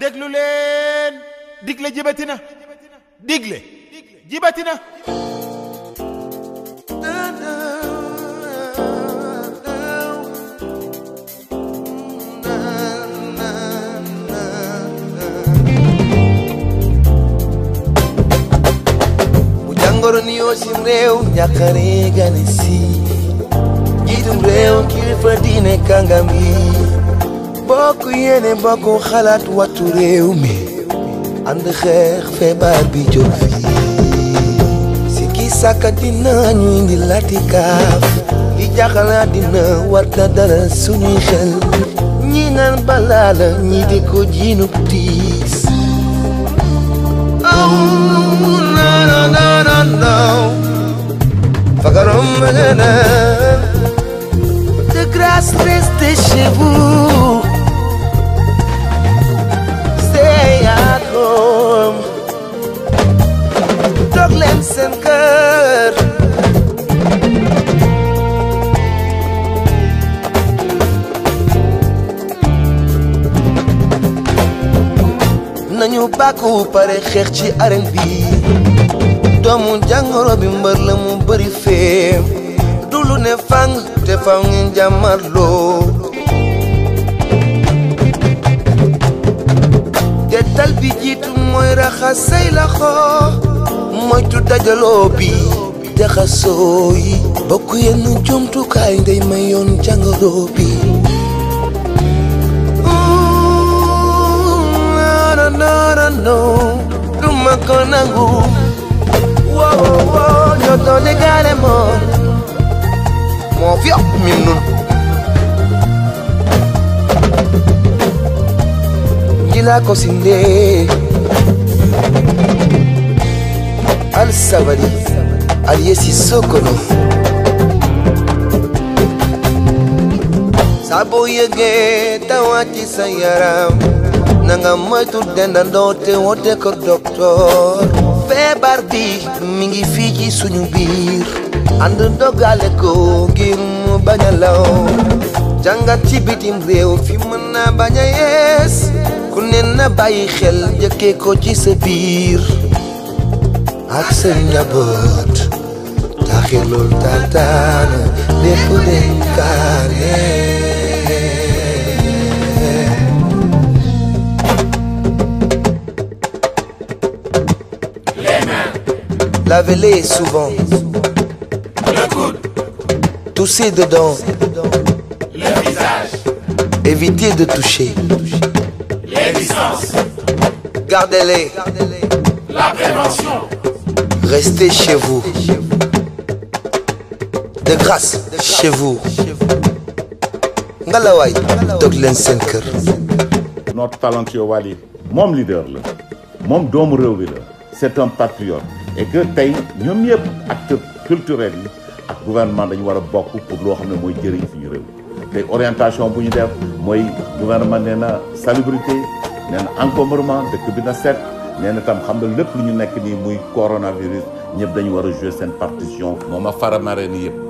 déglu leen digle jibati na digle jibati na jàngoro ni yoo sim réew ñàkkare gane si njiitum réew kilifa diine bokk yéene bokk xalaat wattu réew mi ànd xeex feebar bi jóg fii si kii sàkka dina ñu indi latikaaf li jaxalaat dina war na dara suñuy ñi naan balaa la ñi di ko jiinub tiis aw naana naana naaw fagarom ma de grâce restez chez vous toog leen seen pare xeex ci arène bi doomu jàngoro bi mbër la mu bëri fee du ne fang te faw ngeen jàmmarloo te tal bi jiitu mooy raxas say la xoo moytu dajaloo bi jaxasoo yi bokk yenn jumtukaay day na na na no, tu me conangu. Wow, wow, yo to de galemo. Mo fio minun. Gila cosinde. Sabari aliye Sissokono Sabo yege tawati sayaram Nanga moytu denda dote wote ko doktor? febardi mingi fiki ngi dogale ko gim banyalau? Jangga a law jàngat fi mën naa yes na bayi xel jëkkee ko ci sa ak Lavez-les souvent. Le coude. Toussez dedans. Le visage. Évitez de toucher. Les distances. Gardez-les. La prévention. Restez chez vous. De grâce, chez vous. Ngalaway, Doug Lensenker. Notre talentueux Wali, mon leader, mon dôme c'est un patriote. Et que le nous acteur acteurs culturels, le gouvernement de beaucoup pour le faire ne mooy Les suñu réew te orientation bu le def gouvernement nee na salubrité encombrement nee na tam xam nga lépp lu ñu nekk nii muy coronavirus ñëpp dañu war a jouer seen partition. moo ma faramare ni yëpp.